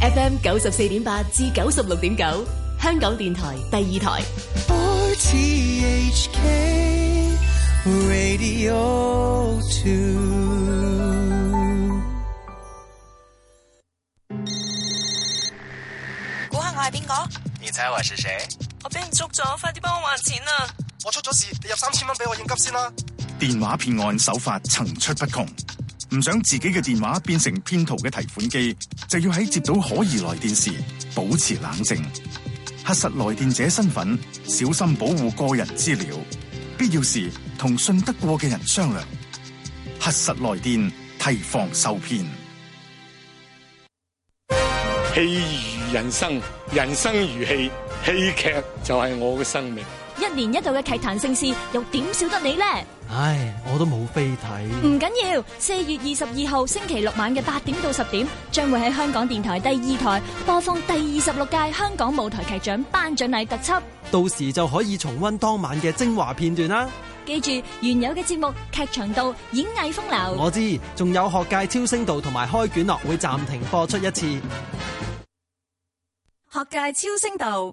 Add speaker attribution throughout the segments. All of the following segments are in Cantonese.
Speaker 1: FM 九十四點八至九十六點九，9, 香港電台第二台。RTHK
Speaker 2: Radio Two。估下我係邊個？你猜我是誰？我俾人捉咗，快啲幫我還錢啦，啊！我出咗事，你入三千蚊俾我應急先啦，啊！
Speaker 3: 電話騙案手法層出不窮。唔想自己嘅電話變成騙徒嘅提款機，就要喺接到可疑來電時保持冷靜，核實來電者身份，小心保護個人資料，必要時同信得過嘅人商量，核實來電，提防受騙。戲如人生，人生如戲，戲劇就係我嘅生命。
Speaker 1: 一年一度嘅劇壇盛事又點少得你呢？
Speaker 2: 唉，我都冇飛睇。唔
Speaker 1: 緊要，四月二十二號星期六晚嘅八點到十點，將會喺香港電台第二台播放第二十六屆香港舞台劇獎頒獎禮特輯。
Speaker 4: 到時就可以重溫當晚嘅精華片段啦。
Speaker 1: 記住，原有嘅節目劇場道、演藝風流。我
Speaker 4: 知仲有學界超聲道同埋開卷樂會暫停播出一次。
Speaker 1: 學界超聲道。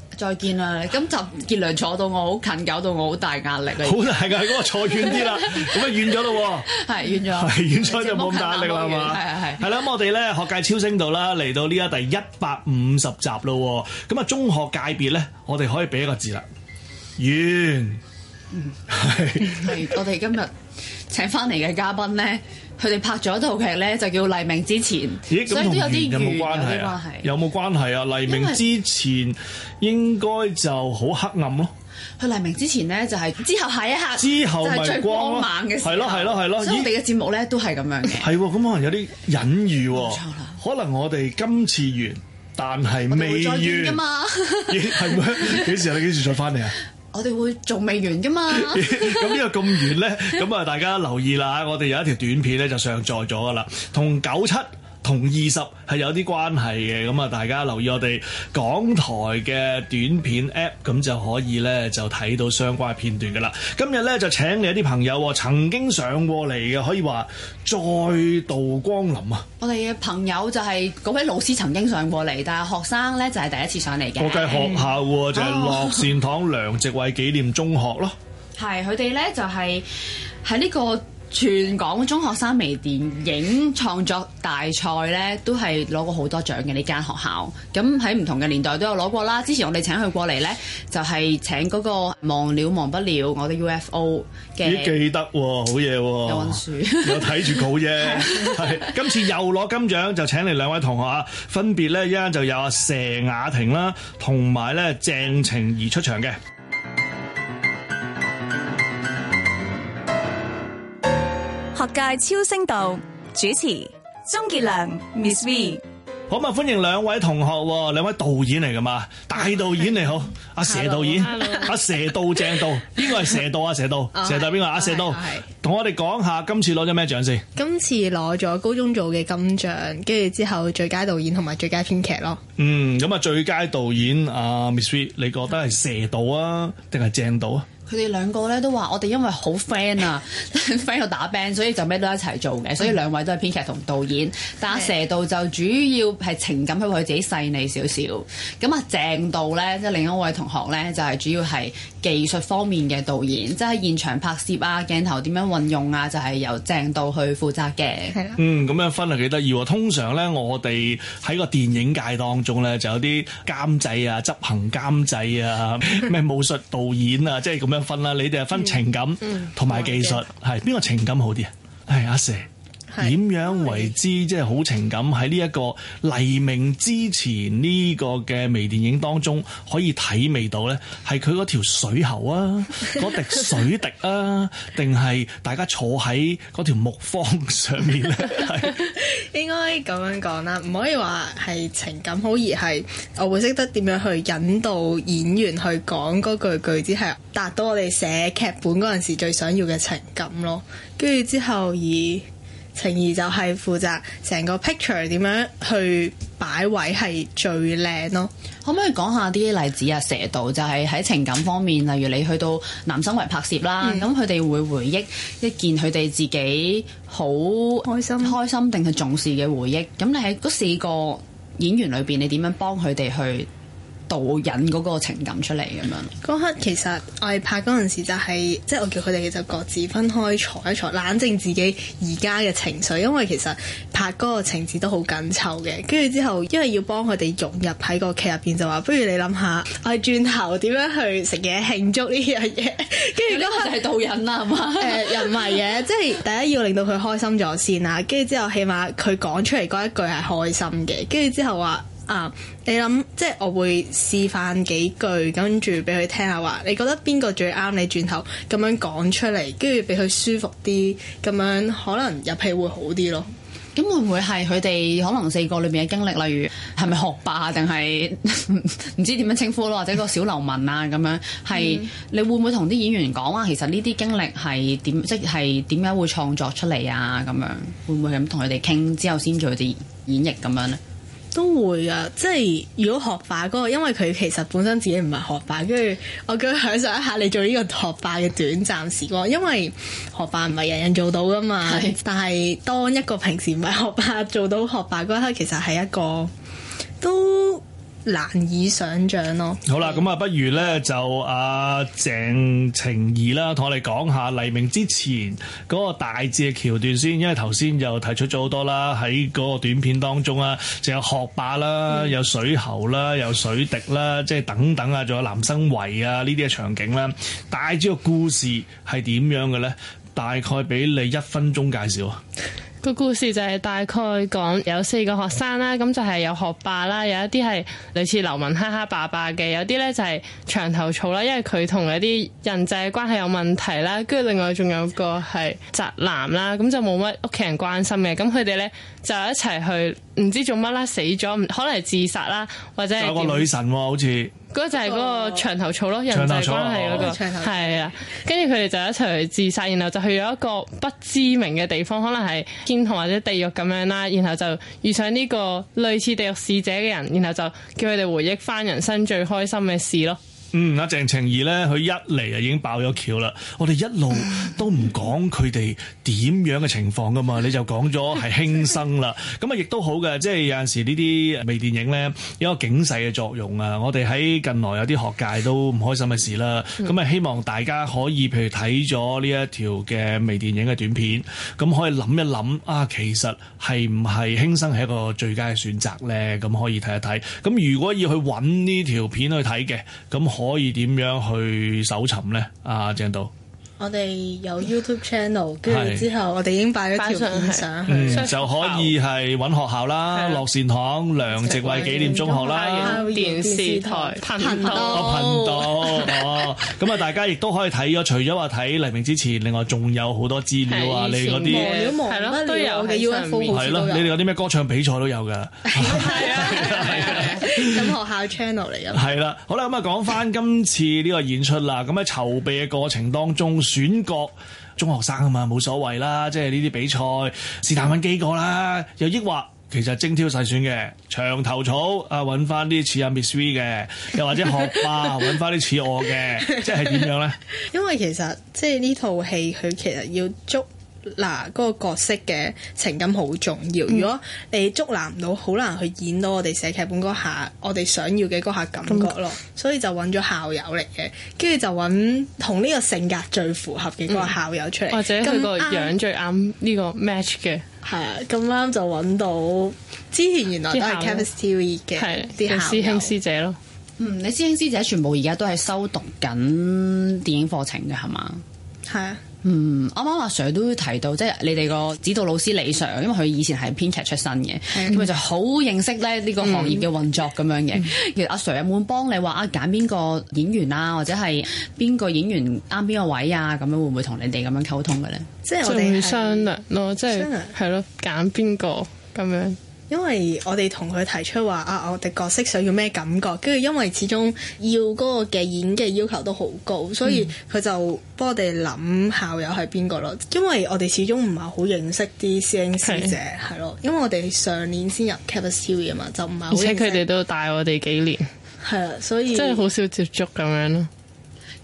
Speaker 1: 再見啦！今集傑良坐到我好近，搞到我好大壓力啊！好大噶，
Speaker 3: 嗰個坐遠啲啦，咁啊遠咗咯喎，
Speaker 1: 係遠咗，係遠咗就冇咁大壓力啦，係嘛？係係係。係
Speaker 3: 啦，咁我哋咧學界超星度啦，嚟到呢一第一百五十集咯，咁啊中學界別咧，我哋可以俾一個字啦，遠。嗯，
Speaker 1: 係。係我哋今日請翻嚟嘅嘉賓咧。佢哋拍咗一套劇咧，就叫《黎明之前》，所以都有啲預有啲關係、啊，
Speaker 3: 有冇關係啊？黎明之前應該就好黑暗咯。
Speaker 1: 為去黎明之前咧、就係，就係之後下一刻，之後咪最光猛嘅時候。係咯係咯係咯，所以我哋
Speaker 3: 嘅節目咧都係咁樣嘅。係喎，咁可能有啲隱喻喎、啊。啦、 啊，可能我哋今次完，但係未完㗎嘛。
Speaker 1: 係咪
Speaker 3: 幾時啊？你幾時再翻嚟啊？
Speaker 1: 我哋會仲未完㗎嘛 這這完？
Speaker 3: 咁呢個咁完咧，咁啊大家留意啦！我哋有一條短片咧就上載咗㗎喇，同九七。同二十係有啲關係嘅，咁啊大家留意我哋港台嘅短片 App，咁就可以咧就睇到相關片段噶啦。今日咧就請嚟一啲朋友，曾經上過嚟嘅，可以話再度光臨啊！
Speaker 1: 我哋嘅朋友就係、是、嗰位老師曾經上過嚟，但係學生咧就係第一次上嚟嘅。我計學校
Speaker 3: 喎，就係樂、oh. 善堂梁植偉紀念中學咯。
Speaker 1: 係，佢哋咧就係喺呢個。全港中學生微電影創作大賽咧，都係攞過好多獎嘅呢間學校。咁喺唔同嘅年代都有攞過啦。之前我哋請佢過嚟咧，就係請嗰個「忘了忘不了我哋」UFO 嘅。咦，記
Speaker 3: 得喎，好嘢喎。溫書，我睇住佢啫。係，今次又攞金獎，就請嚟兩位同學啊。分別咧一間就有阿佘雅婷啦，同埋咧鄭晴怡出場嘅。
Speaker 5: 學界超聲道主持鍾杰良 Miss V，
Speaker 3: 好嘛歡迎兩位同學，兩位導演嚟噶嘛？大導演, 大導演你好，阿蛇導演，阿 Hello,、啊、蛇導鄭導，邊個係蛇導啊？蛇導，蛇導邊個阿蛇導，同我哋講下今次攞咗咩獎先？
Speaker 5: 今次攞咗高中組嘅金獎，跟住之後最佳導演同埋最佳編劇咯。
Speaker 3: 嗯，咁啊最佳導演啊 Miss V，你覺得係蛇導啊，定係鄭導啊？
Speaker 1: 佢哋兩個咧都話：我哋因為好 friend 啊，friend 到打 Band，所以就咩都一齊做嘅。所以兩位都係編劇同導演，但佘導就主要係情感，佢自己細膩少少。咁啊，鄭導咧即係另一位同學咧，就係主要係技術方面嘅導演，即係現場拍攝啊、鏡頭點樣運用啊，就係由鄭導去負責嘅。係啦。
Speaker 3: 嗯，咁樣分係幾得意喎？通常咧，我哋喺個電影界當中咧就有啲監製啊、執行監製啊、咩武術導演啊，即係咁樣。分啦，你哋係分情感同埋技術，係邊個情感好啲啊？係阿蛇。點是樣為之是，即係好情感，喺呢一個黎明之前呢個嘅微電影當中可以體味到呢？係佢嗰條水喉啊，嗰 滴水滴啊，定係大家坐喺嗰條木方上面咧？
Speaker 5: 係 應該咁樣講啦，唔可以話係情感好，而係我會識得點樣去引導演員去講嗰句句子，係達到我哋寫劇本嗰陣時最想要嘅情感咯。跟住之後以晴怡就係負責成個 picture 點樣去
Speaker 1: 擺位係最靚咯，可唔可以講下啲例子啊？蛇到就係喺情感方面，例如你去到南生圍拍攝啦，咁佢哋會回憶一件佢哋自己好開心、開心定係重視嘅回憶。咁你喺嗰四個演員裏邊，你點樣幫佢哋去導引嗰個情感出嚟咁樣，嗰刻其實
Speaker 5: 我哋拍嗰陣時就係，即係我叫佢哋就各自分開坐一坐，冷靜自己而家嘅情緒，因為其實拍嗰個情節都好緊湊嘅。跟住之後，因為要幫佢哋融入喺個劇入邊，就話不如你諗下，我哋轉頭點樣去食嘢慶祝呢樣嘢。
Speaker 1: 跟住嗰刻係導引啦，係 嘛、呃？誒又唔係嘅，
Speaker 5: 即係第一要令到佢開心咗先啦。跟住之後，起碼佢講出嚟嗰一句係開心嘅。跟住之後話。啊！你諗即係我會示範幾句，跟住俾佢聽下話。你覺得邊個最啱你？轉頭咁樣講出嚟，跟住俾佢舒服啲，
Speaker 1: 咁樣可能入戲會好啲咯。咁、嗯、會唔會係佢哋可能四個裏面嘅經歷，例如係咪學霸定係唔知點樣稱呼咯，或者個小流民啊咁樣？係、嗯、你會唔會同啲演員講話？其實呢啲經歷係點，即係點解會創作出嚟啊？咁樣會唔會咁同佢哋傾之後先做啲演繹咁樣咧？
Speaker 5: 都會噶，即係如果學霸嗰個，因為佢其實本身自己唔係學霸，跟住我叫佢享受一下你做呢個學霸嘅短暫時光，因為學霸唔係人人做到噶嘛。是但係當一個平時唔係學霸做到學霸嗰刻，其實係一個都。難以想像咯、哦。
Speaker 3: 好啦，咁啊，不如呢？就阿、呃、鄭晴怡啦，同我哋講下黎明之前嗰個大致嘅橋段先。因為頭先又提出咗好多啦，喺嗰個短片當中啊，就有學霸啦，嗯、有水喉啦，有水滴啦，即係等等啊，仲有男生圍啊呢啲嘅場景啦。大致個故事係點樣嘅呢？大概俾你一分鐘介紹啊！
Speaker 6: 個故事就係大概講有四個學生啦，咁就係有學霸啦，有一啲係類似流氓哈哈爸爸嘅，有啲咧就係長頭草啦，因為佢同一啲人際關係有問題啦，跟住另外仲有個係宅男啦，咁就冇乜屋企人關心嘅，咁佢哋咧就一齊去唔知做乜啦，死咗，可能係自殺啦，或者有個女神、哦、好似。嗰就係嗰個牆頭草咯，人際關係嗰、嗰個，係啊，跟住佢哋就一齊去自殺，然後就去咗一個不知名嘅地方，可能係天堂或者地獄咁樣啦，然後就遇上呢個類似地獄使者嘅人，然後就叫佢哋回憶返人生最開心嘅事咯。
Speaker 3: 嗯，阿鄭晴怡咧，佢一嚟啊，已經爆咗橋啦。我哋一路都唔講佢哋點樣嘅情況噶嘛，你就講咗係輕生啦。咁啊亦都好嘅，即係有陣時呢啲微電影咧，有一個警示嘅作用啊。我哋喺近來有啲學界都唔開心嘅事啦。咁啊希望大家可以譬如睇咗呢一條嘅微電影嘅短片，咁可以諗一諗啊，其實係唔係輕生係一個最佳嘅選擇咧？咁可以睇一睇。咁如果要去揾呢條片去睇嘅，咁。可以點樣去搜尋咧？啊，鄭導。
Speaker 5: 我哋有 YouTube channel，跟住之後，我哋已經擺咗條片上去，就可
Speaker 3: 以係揾學校啦，樂善堂梁植偉紀念中學啦，
Speaker 5: 電視台頻道個
Speaker 6: 頻
Speaker 3: 道哦。咁啊，大家亦都可以睇咗，除咗話睇黎明之前，另外仲有好多資料啊，你嗰啲係咯，都有嘅，UFO 係咯，你哋有啲咩歌唱比賽都有㗎，係啊，
Speaker 5: 咁學校 channel 嚟㗎。係
Speaker 3: 啦，好啦，咁啊講翻今次呢個演出啦，咁喺籌備嘅過程當中，選角中學生啊嘛，冇所謂啦，即係呢啲比賽是但揾幾個啦，又抑或其實精挑細選嘅長頭草啊，揾翻啲似阿 Miss V 嘅，又或者學霸揾翻啲似我嘅，即係點樣咧？
Speaker 5: 因為其實即係呢套戲佢其實要捉。嗱，嗰個角色嘅情感好重要。如果你捉拿唔到，好難去演到我哋寫劇本嗰下，我哋想要嘅嗰下感覺咯。嗯、所以就揾咗校友嚟嘅，跟住就揾同呢個性格最符合嘅嗰個校友出嚟，或者佢個樣
Speaker 6: 最啱呢個 match 嘅。係啊，咁啱就揾到之前原來都係
Speaker 5: Campus
Speaker 1: TV 嘅啲師兄師姐咯。啊、嗯，你師兄師姐全部而家都係修讀緊電影課程嘅係嘛？係啊。嗯，啱啱阿 Sir 都提到，即係你哋個指導老師李 Sir，因為佢以前係編劇出身嘅，咁咪、嗯、就好認識咧呢個行業嘅運作咁、嗯、樣嘅。嗯、其實阿 Sir 有冇幫你話啊，揀邊個演員啊，或者係邊個演員啱邊個位啊？咁樣會唔會同你哋咁樣溝通嘅咧？即係我哋會商
Speaker 6: 量咯，即係係咯，揀邊個咁樣。因為我哋同佢
Speaker 5: 提出話啊，我哋角色想要咩感覺，跟住因為始終要嗰個嘅演技要求都好高，所以佢就幫我哋諗校友係邊個咯。因為我哋始
Speaker 6: 終唔係好認識啲師兄師姐
Speaker 5: 係咯，因為我哋上年先入 Capstone 嘅嘛，就唔係好識，而且佢
Speaker 1: 哋都帶我哋幾年，
Speaker 5: 係啊。
Speaker 1: 所以即係好少接觸咁樣咯。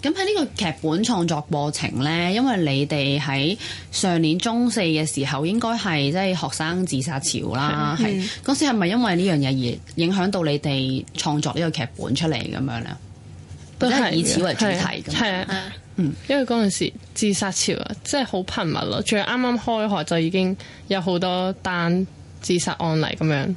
Speaker 1: 咁喺呢個劇本創作過程咧，因為你哋喺上年中四嘅時候，應該係即係學生自殺潮啦。係嗰時係咪因為呢樣嘢而影響到你哋創作呢個劇本出嚟咁樣咧？
Speaker 6: 都係以此為主題嘅。係啊，嗯，因為嗰陣時自殺潮啊，即係好頻密咯。仲要啱啱開學就已經有好多單自殺案例咁樣。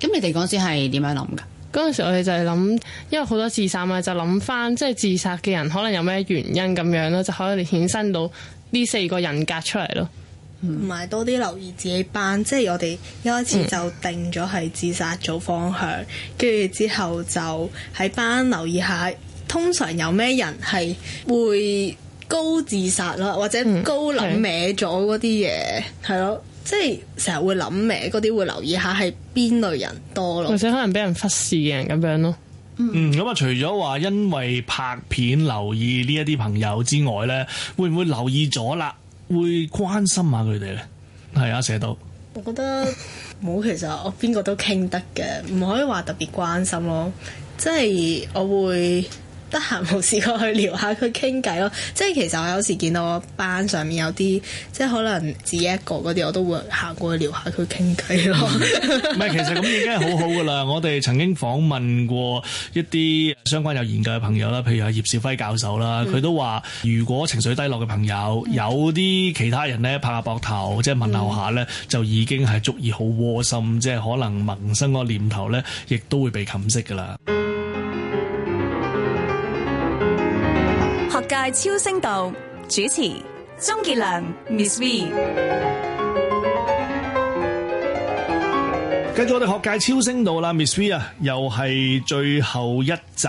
Speaker 6: 咁你哋嗰時係點樣諗噶？嗰陣時我哋就係諗，因為好多自殺嘛，就諗翻即係自殺嘅人可能有咩原因咁樣咯，就可以衍生到呢四個人格出嚟咯，同
Speaker 2: 埋、嗯、
Speaker 5: 多啲留意自己班，即、就、係、是、我哋一開始就定咗係自殺組方向，跟住、嗯、之後就喺班留意下通常有咩人係會高自殺啦，或者高諗歪咗嗰啲嘢，係咯、嗯。即係成日會諗歪，嗰啲會留意下係邊類人多
Speaker 6: 咯，或者可能俾人忽視嘅人咁樣咯。嗯，
Speaker 3: 咁啊、嗯，除咗話因為拍片留意呢一啲朋友之外咧，會唔會留意咗啦？會關心下佢哋咧？係啊，寫到。
Speaker 5: 我覺得冇， 其實我邊個都傾得嘅，唔可以話特別關心咯。即係我會。得閒冇試過去撩下佢傾偈咯，即係其實我有時見到班上面有啲，即係可能自己一個嗰啲，我都會行過去撩下佢傾偈
Speaker 3: 咯。唔 係、嗯，其實咁已經係好好噶啦。 我哋曾經訪問過一啲相關有研究嘅朋友啦，譬如阿葉兆輝教授啦，佢、嗯、都話，如果情緒低落嘅朋友、嗯、有啲其他人咧拍下膊頭，即係問候下咧，嗯、就已經係足以好窩心，即係可能萌生嗰個念頭咧，亦都會被冚熄噶啦。
Speaker 4: 大超聲道主持鍾傑良 Ms V。
Speaker 3: 跟住我哋學界超聲到啦，Miss V 啊，B，又係最後一集，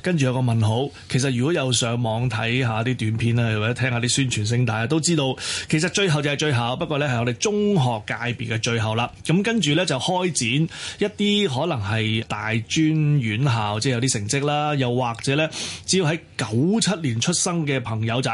Speaker 3: 跟住有個問號。其實如果有上網睇下啲短片啊，或者聽下啲宣傳聲帶，都知道其實最後就係最後，不過呢，係我哋中學界別嘅最後啦。咁跟住呢，就開展一啲可能係大專院校，即係有啲成績啦，又或者呢，只要喺九七年出生嘅朋友仔，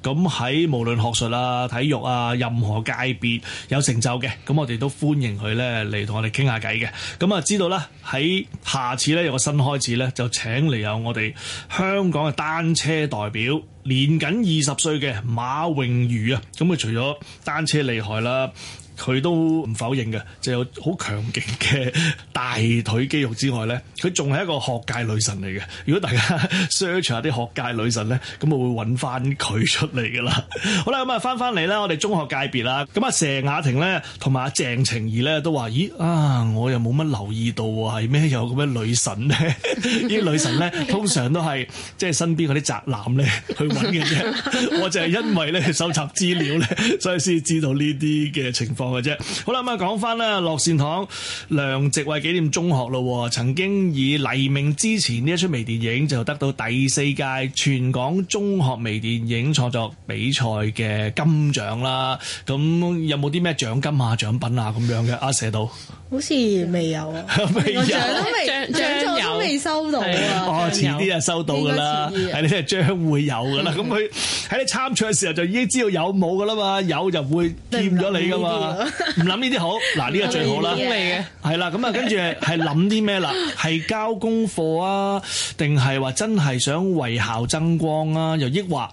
Speaker 3: 咁喺無論學術啊、體育啊，任何界別有成就嘅，咁我哋都歡迎佢呢嚟同我哋。傾下偈嘅，咁啊知道啦，喺下次呢，有個新開始呢，就請嚟有我哋香港嘅單車代表，年僅二十歲嘅馬穎如啊，咁啊除咗單車厲害啦。佢都唔否認嘅，就有好強勁嘅大腿肌肉之外咧，佢仲係一個學界女神嚟嘅。如果大家 search 下啲學界女神咧，咁我會揾翻佢出嚟噶啦。好啦，咁啊翻翻嚟咧，我哋中學界別啦，咁啊佘雅婷咧同埋阿鄭晴怡咧都話，咦啊，我又冇乜留意到喎，係咩有咁嘅女神咧？呢 啲女神咧通常都係即係身邊啲宅男咧去揾嘅啫。我就係因為咧搜集資料咧，所以先知道呢啲嘅情況。嘅啫，好啦，咁啊，講翻啦，樂善堂梁植偉紀念中學咯，曾經以《黎明之前》呢一齣微電影就得到第四屆全港中學微電影創作比賽嘅金獎啦。咁有冇啲咩獎金啊、獎品啊咁樣嘅啊？社導，
Speaker 5: 好似未有啊，未有都未獎狀都未收到、啊、哦，遲
Speaker 3: 啲啊，收到噶啦，係你即係將會有噶啦。咁佢喺你參賽嘅時候就已經知道有冇噶啦嘛，有就會簽咗你噶嘛。唔諗呢啲好，嗱呢個最好啦，係啦、 啊，咁啊跟住係諗啲咩啦？係 交功課啊，定係話真係想為校爭光啊？又抑或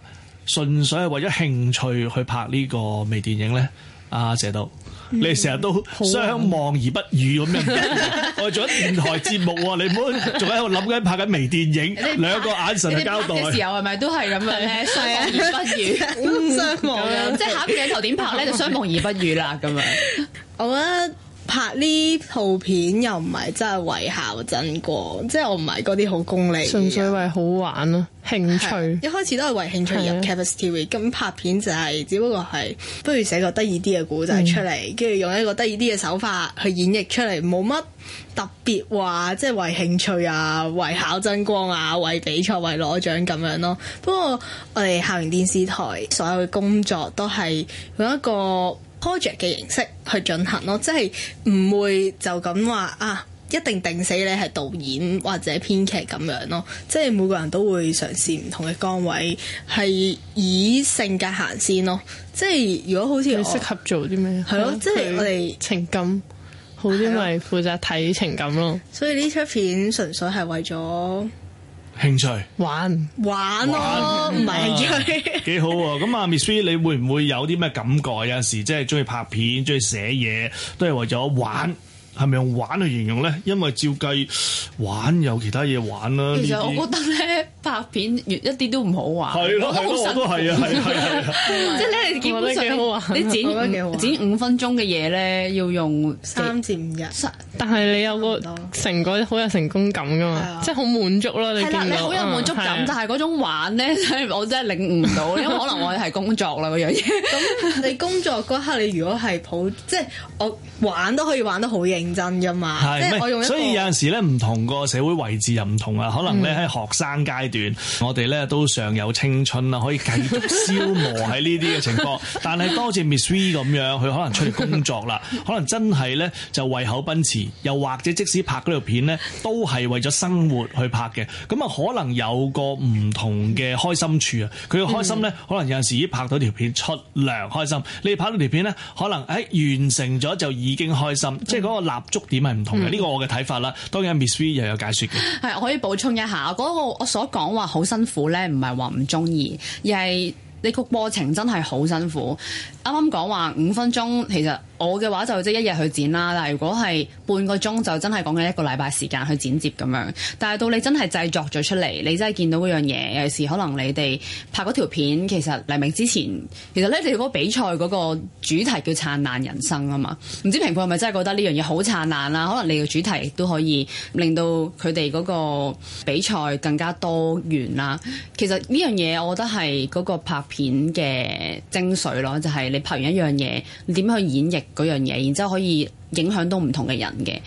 Speaker 3: 純粹係為咗興趣去拍呢個微電影咧？阿、啊、謝導。你成日都相望而不語咁樣， 我做緊電台節目喎，你唔好仲喺度諗緊拍緊微電影，兩個眼神交代嘅時候
Speaker 1: 係咪都係咁樣呢？的相望而不語， 嗯、樣相望即係下面鏡頭點拍咧，就相望而不語啦咁樣。
Speaker 5: 我。拍呢套片又唔係真係為校爭光，即係我唔係嗰啲好功利。純粹為好玩咯，興趣。一開始都係為興趣而入 Campus TV，咁的拍片就係、是、只不過係不如寫個得意啲嘅古仔出嚟，跟住、嗯、用一個得意啲嘅手法去演繹出嚟，冇乜特別話即係為興趣啊，為校爭光啊，為比賽為攞獎咁樣咯。不過我哋校園電視台所有嘅工作都係用一個。project 嘅形式去進行咯，即係唔會就咁話啊，一定定死你係導演或者編劇咁樣咯，即係每個人都會嘗試唔同嘅崗位，係以性格行先咯。即係如果好似我適
Speaker 6: 合做啲咩？係咯，即係我哋情感好啲咪負責睇情感咯。所以呢出片純粹係為咗。興趣玩玩
Speaker 5: 咯，唔係興趣，
Speaker 3: 幾好喎、啊！咁啊，Ms V 你會唔會有啲咩感覺？有陣時即係中意拍片，中意寫嘢，都係為咗玩。係咪用玩去形容咧？因為照計玩有其他嘢玩啦。其實我覺得
Speaker 1: 咧拍片越一啲都唔好玩。係咯，我都係啊，係係係。即係咧，基本上你剪剪五分鐘嘅嘢咧，要用三至五日。但係你有個
Speaker 6: 成果好有成功感噶嘛？即係好滿足咯。係啦，你好有滿足感，就係嗰種玩咧，我真係領悟唔到，因為可能我係工作啦嗰樣嘢。咁你工作
Speaker 5: 嗰刻，你如果係抱即係我玩都可以玩得好型。認真噶嘛。係所以有
Speaker 3: 陣時咧，唔同個社會位置又唔同啊，可能咧喺學生階段，嗯、我哋咧都尚有青春啊，可以繼續消磨喺呢啲嘅情況。 但係多謝 Miss V 咁樣，佢可能出嚟工作啦，可能真係咧就為口奔馳，又或者即使拍嗰條片咧，都係為咗生活去拍嘅。咁啊，可能有個唔同嘅開心處啊。佢嘅開心咧，可能有陣時已拍到條片出糧開心。你拍到條片咧，可能喺完成咗就已經開心，嗯、即係、嗰個立足點係唔同嘅，呢個、嗯、我嘅睇法啦。當然 Miss V 又有解説嘅，
Speaker 1: 係我可以補充一下。嗰個我所講話好辛苦咧，唔係話唔鍾意，而係呢個過程真係好辛苦。啱啱講話五分鐘，其實。我嘅話就即係一日去剪啦，但係如果係半個鐘就真係講緊一個禮拜時間去剪接咁樣。但係到你真係製作咗出嚟，你真係見到嗰樣嘢。有時可能你哋拍嗰條片，其實黎明之前，其實咧你嗰比賽嗰個主題叫《燦爛人生》啊嘛。唔知評判係咪真係覺得呢樣嘢好燦爛啦？可能你嘅主題都可以令到佢哋嗰個比賽更加多元啦。其實呢樣嘢我覺得係嗰個拍片嘅精髓咯，就係、係、你拍完一樣嘢，你點去演繹？嗰樣嘢，然之後可以影響到唔同嘅人嘅。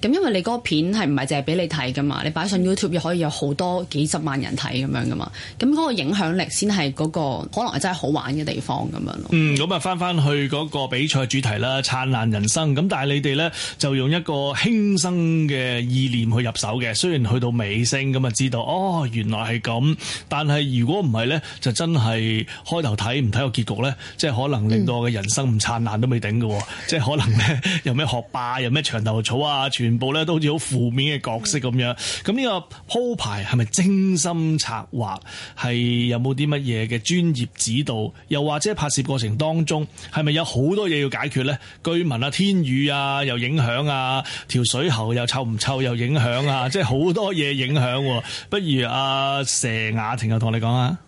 Speaker 1: 咁因為你嗰片係唔係淨係俾你睇噶嘛？你擺上 YouTube 又可以有好多幾十萬人睇咁樣噶嘛？咁、那、嗰個影響力先係嗰個可能係真係好玩嘅地方咁樣咯。
Speaker 3: 嗯，咁啊，返返去嗰個比賽主題啦，燦爛人生。咁但係你哋咧就用一個輕生嘅意念去入手嘅。雖然去到尾聲咁啊，知道哦原來係咁。但係如果唔係咧，就真係開頭睇唔睇個結局咧，即係可能令到我嘅人生唔燦爛都未頂嘅喎。嗯、即係可能咧，有咩學霸，有咩牆頭草啊，全部咧都好似好負面嘅角色咁樣，咁呢個鋪排係咪精心策劃？係有冇啲乜嘢嘅專業指導？又或者拍攝過程當中係咪有好多嘢要解決呢？居民啊、天雨啊、又影響啊、條水喉又臭唔臭又影響啊， 即係好多嘢影響、啊。不如阿佘雅婷又同你講啊。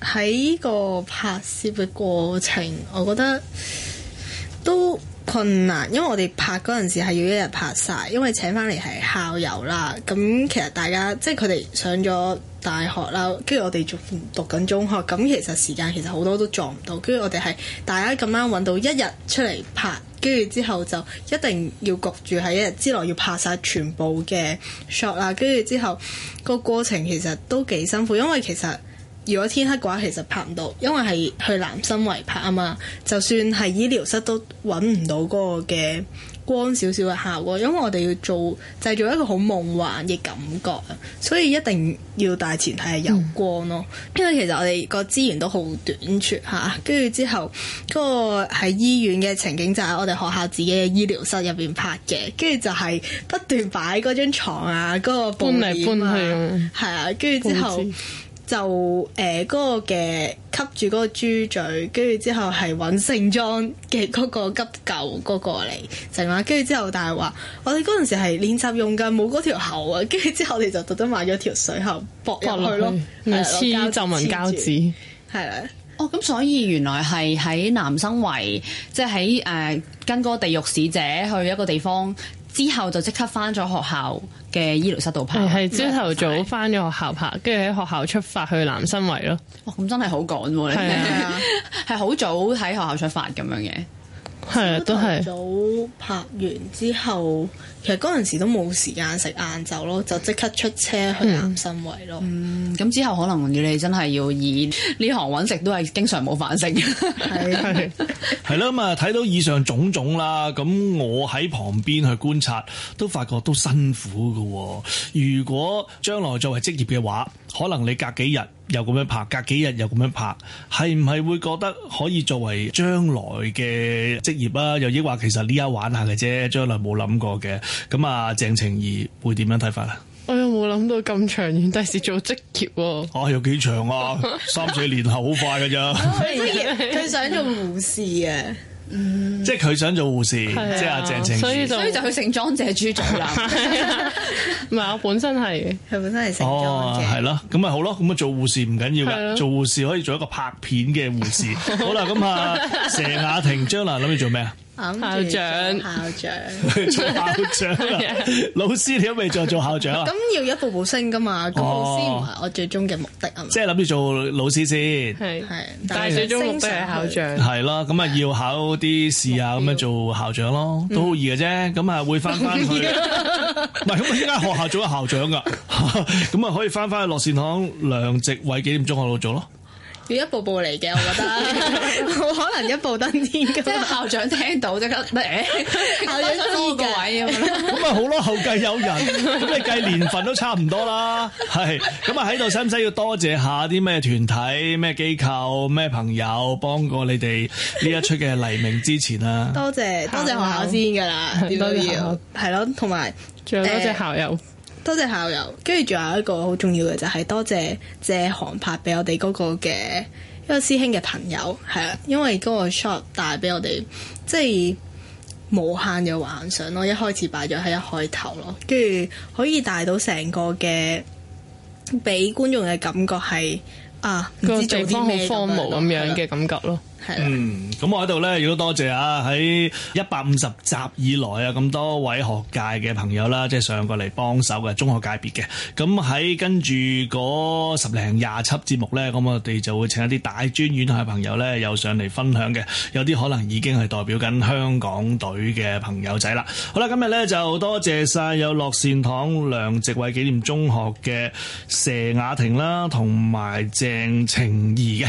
Speaker 5: 喺個拍攝嘅過程，我覺得都。困難，因為我哋拍嗰陣時係要一日拍晒，因為請翻嚟係校友啦。咁其實大家即係佢哋上咗大學啦，跟住我哋仲讀緊中學，咁其實時間其實好多都撞唔到。跟住我哋係大家咁啱揾到一日出嚟拍，跟住之後就一定要焗住喺一日之內要拍晒全部嘅 shot 啦。跟住之後個過程其實都幾辛苦，因為其實。如果天黑嘅話，其實拍唔到，因為係去南生圍拍啊嘛。就算係醫療室都揾唔到嗰個嘅光少少嘅效果，因為我哋要做製造一個好夢幻嘅感覺，所以一定要大前提係有光咯。嗯、因為其實我哋個資源都好短缺吓，跟、啊、住之後嗰、那個喺醫院嘅情景就係我哋學校自己嘅醫療室入邊拍嘅，跟住就係不斷擺嗰張床啊，嗰、那個、啊、搬嚟搬去，係啊，跟住之後。就誒嗰、欸那個嘅吸住嗰個豬嘴，跟住之後係揾盛裝嘅嗰個急救嗰個嚟，就啦。跟住之後，但係話我哋嗰陣時係練習用㗎，冇嗰條喉啊。跟住之後，我哋就特登買咗條水喉搏落去咯，黐皺
Speaker 1: 紋膠紙。係啦，的哦咁，所以原來係喺南生圍，即係喺誒跟嗰個地獄使者去一個地方。之後就即刻返咗學校嘅醫療室度拍，係朝頭早返咗學校拍，跟住喺學校出發去南新圍咯。哇，哦，咁真係好趕。係啊，係好，啊、 早喺學校出發咁樣嘅。係啊，都係
Speaker 5: 早拍完之後，其實嗰陣時都冇時間
Speaker 1: 食晏晝咯，就即刻出車去南生圍咯。嗯，咁之後可能要你真係要演呢行搵食，都係經常冇飯食。
Speaker 3: 係係咯，係咁啊！睇到以上種種啦，咁我喺旁邊去觀察，都發覺都辛苦噶。如果將來作為職業嘅話，可能你隔幾日。又咁樣拍，隔幾日又咁樣拍，係唔係會覺得可以作為將來嘅職業啊？又抑或其實呢一玩下嘅啫，將來冇諗過嘅。咁啊，鄭晴怡會點樣睇法啊？
Speaker 6: 我又冇諗到咁長遠，第時做職業。
Speaker 3: 啊，有幾長啊？三四年後好快嘅咋？
Speaker 1: 佢 想做護士啊！
Speaker 3: 嗯，即係佢想做護士，啊、即係阿鄭晴
Speaker 1: 所以就去盛裝借豬做啦。唔係， 我本身
Speaker 6: 係，佢 本身係姓裝。哦，
Speaker 3: 係咯、啊，咁咪好咯、啊，咁啊，啊做護士唔緊要噶，做護士可以做一個拍片嘅護士。 好啦，咁啊，佘雅婷，將來諗住做咩啊？
Speaker 5: 校長， 做校長 做，做校
Speaker 3: 長，老師你都未再做校長啊？咁
Speaker 5: 要一步步升噶嘛？咁老師唔係我最終嘅目的
Speaker 3: 啊嘛。即係諗住做老師先，係係，哦、是
Speaker 6: 是但係最終都係
Speaker 3: 校長。係咯，咁啊要考啲試啊，咁樣標做校長咯，都好易嘅啫。咁啊會翻翻去，唔係咁依家學校做咗校長噶，咁啊 可以翻翻去樂善堂梁植偉紀念中學度做咯。要一
Speaker 5: 步步嚟嘅，我覺得，冇 可能一步登天，
Speaker 1: 即係校長聽到即刻：「誒， 校長多個位咁咁咪好
Speaker 3: 咯，啊、後繼有人。咁你計年份都差唔多啦，係。咁啊喺度使唔使要多謝下啲咩團體、咩機構、咩朋友幫過你哋呢一出嘅黎明之前啊？ 多
Speaker 5: 謝多謝學校，校先噶啦，點都要，係咯，同埋，仲誒，多謝
Speaker 3: 校
Speaker 6: 友。有
Speaker 5: 多謝校友，跟住仲有一個好重要嘅就係多謝借航拍俾我哋嗰個嘅一個師兄嘅朋友，係啦，因為嗰個 shot 帶俾我哋即係無限嘅幻想咯，一開始擺咗喺一開頭咯，跟住可以帶到成個嘅俾觀眾嘅感覺係
Speaker 6: 啊唔知做啲咩咁樣嘅感覺咯。
Speaker 3: 嗯，咁我喺度呢，亦都多謝啊，喺一百五十集以來啊，咁多位學界嘅朋友啦，即係上過嚟幫手嘅中學界別嘅，咁喺跟住嗰十零廿輯節目呢，咁我哋就會請一啲大專院校嘅朋友呢，又上嚟分享嘅，有啲可能已經係代表緊香港隊嘅朋友仔啦。好啦，今日呢，就多謝晒有樂善堂梁植偉紀念中學嘅佘雅婷啦，同埋鄭晴怡嘅。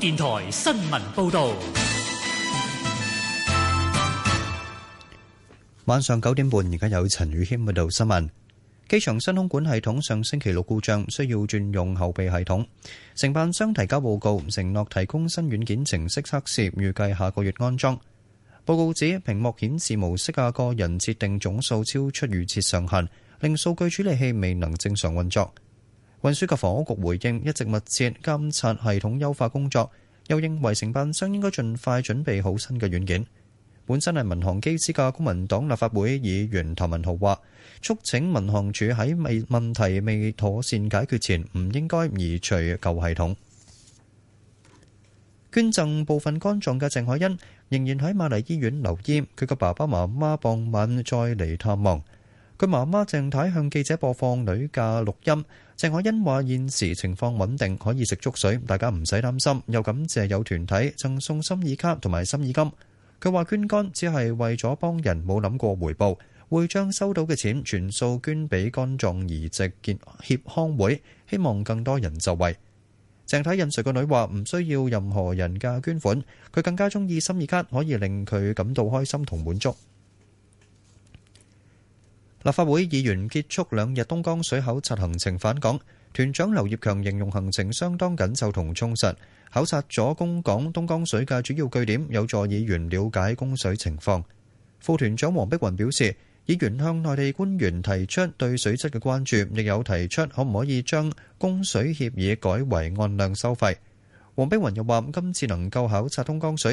Speaker 4: 電台新聞報道。晚上九點半，而家有陳宇謙報道新聞。機場新空管系統上星期六故障，需要轉用後備系統。承辦商提交報告，承諾提供新軟件程式測試，預計下個月安裝。報告指屏幕顯示模式嘅個人設定總數超出預設上限，令數據處理器未能正常運作。運輸及房屋局回應，一直密切監察系統優化工作，又認為承辦商應該盡快準備好新嘅軟件。本身係民航機師嘅公民黨立法會議員譚文豪話，促請民航處喺未問題未妥善解決前，唔應該移除舊系統。捐贈部分肝臟嘅鄭海欣仍然喺瑪麗醫院留醫，佢嘅爸爸媽媽傍晚再嚟探望。佢媽媽鄭太向記者播放女嘅錄音。鄭海欣話：現時情況穩定，可以食粥水，大家唔使擔心。又感謝有團體贈送心意卡同埋心意金。佢話捐肝只係為咗幫人，冇諗過回報，會將收到嘅錢全數捐俾肝臟移植協康會。希望更多人就位。鄭太引述個女話唔需要任何人嘅捐款，佢更加中意心意卡，可以令佢感到開心同滿足。立法會議員結束兩日東江水考察行程返港，團長劉業強形容行程相當緊湊同充實，考察咗供港東江水嘅主要據點，有助議員了解供水情況。副團長黃碧雲表示，議員向內地官員提出對水質嘅關注，亦有提出可唔可以將供水協議改為按量收費。黃碧雲又話，今次能夠考察東江水。